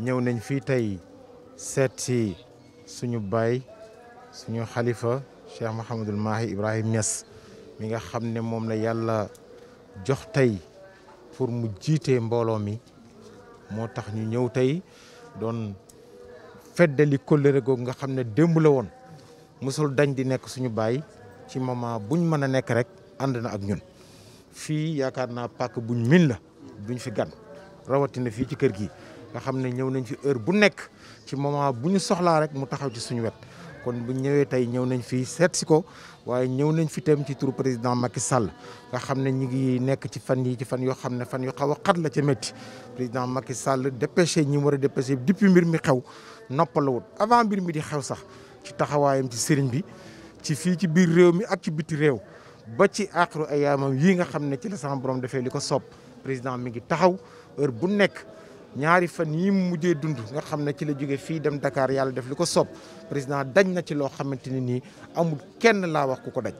ñew nañ fi tay setti suñu bay suñu khalifa Cheikh mohammedul Mahi Ibrahim Niass mi nga xamne mom la yalla jox tay pour mu jité mbolo mi motax ñu ñew tay don feddali nga xamne demb la won musul dañ di nek suñu bay ci moment buñ mëna nek rek ànd na ak ñun fi yakarna pak buñ min la buñ fi gan na fi ci kër gi nga xam ne ñëw nañ fi heure bu nekk ci moment bu ñu soxlaa rek mu taxaw ci suñu wet kon bu ñëwee tey ñëw nañ fi seet si ko waaye ñëw nañ fi tam ci turu président Macky Sall nga xam ne ñu ngi nekk ci fan yi ci fan yoo xam ne fan yu xaw a xat la ca métti président Macky Sall dépêché ñi war a dépêché depuis mbir mi xew noppalawut avant mbir mi di xew sax ci taxawaayam ci sëriñ bi ci fii ci biir réew mi ak ci biti réew ba ci aaxiru ayaamam yii nga xam ne ci la sama borom defee li ko soob président mi ngi taxaw heure bu nekk. ñaari fan yi mu mujjee dund nga xam ne ci la jóge fii dem Dakar yàlla def li ko soob président dañ na ci loo xamante ne nii amul kenn laa wax ku ko daj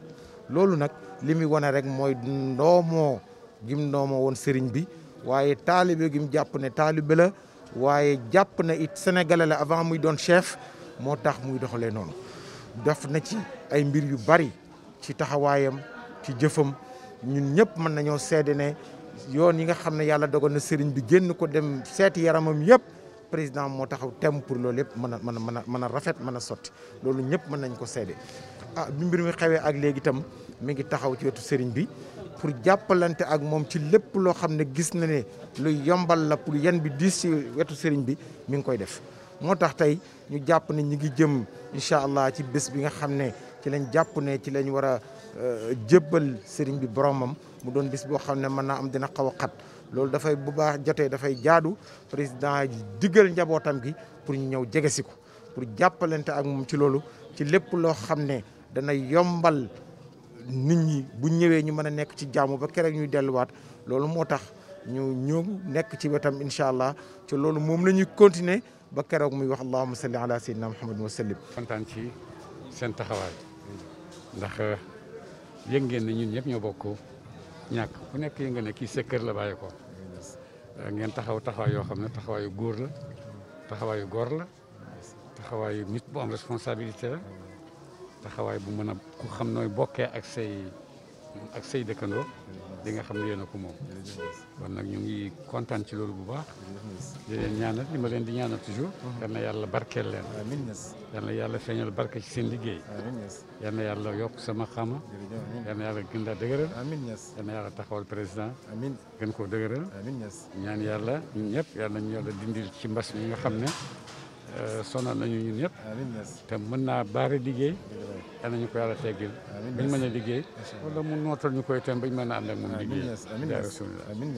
loolu nag li muy wane rek mooy ndoomoo gim ndoomoo woon sëriñ bi waaye taalibe gim jàpp ne taalibe la waaye jàpp na it sénégalais la avant muy doon chef moo tax muy doxalee noonu def na ci ay mbir yu bari ci taxawaayam ci jëfam ñun ñëpp mën nañoo seede ne yoon yi nga xam ne yàlla dogal na sëriñ bi génn ko dem seeti yaramam yëpp président moo taxaw tem pour loolu yëpp mën a mën a mën a mën a rafet mën a sotti loolu ñëpp mën nañ ko seede a ah, bi mbir mi xewee ak léegi tam mi ngi taxaw ci wetu sëriñ bi pour jàppalante ak moom ci lépp loo xam ne gis na ne luy yombal la pour yan bi diis ci wetu sëriñ bi mi ngi koy def moo tax tey ñu jàpp ne ñu ngi jëm incha allah ci bés bi nga xam ne ci lañ jàpp ne ci lañ war a Euh, jébbal sëriñ bi boromam mu doon bis boo xam ne mën naa am dina xaw a xat loolu dafay bu baax jotee dafay jaadu président ji diggal njabootam gi pour ñu ñëw jege si ko pour jàppalante ak moom ci loolu ci lépp loo xam ne dana yombal nit ñi bu ñëwee ñu mën a nekk ci jàmm ba keroog ñuy delluwaat loolu moo tax ñu ñëw nekk ci wetam incha allah ci loolu moom la ñuy continuer ba keroog muy wax allahumma salli ala sayyidina muhammadin wa sallim kontaan ci seen taxawaay yëg ngeen ne ñun ñëpp ñoo bokk ñàkk ku nekk yëg nga ne kii sa kër la bàyyi ko eh, ngeen taxaw taxawaay yoo xam ne taxawaayu góor la taxawaayu góor la taxawaayu nit bu am responsabilité la taxawaay bu mën a ku xam nooy bokkee ak say ak say dëkkandoo li nga xam ne yéen ku moom kon nag ñu ngi kontaan ci loolu bu baax di leen ñaanal li ma leen di ñaanal toujours yal yàlla barkeel leen yal yàlla feeñal barke ci seen liggéey yal yàlla yokk sama xama yal na yàlla gën laa dëgëral yal na yàlla taxawal président gën koo dëgëral ñaan yàlla ñun ñëpp yal na ñu yàlla dindil ci mbas mi nga xam ne euh, sonal nañu ñun ñëpp te mën naa baare liggéey yal nañu ko yàlla teggil bañ mën a liggéey wala mu nootal ñu koy tem bañ mën a ànd ak moom liggéey yaa rasulillah amiin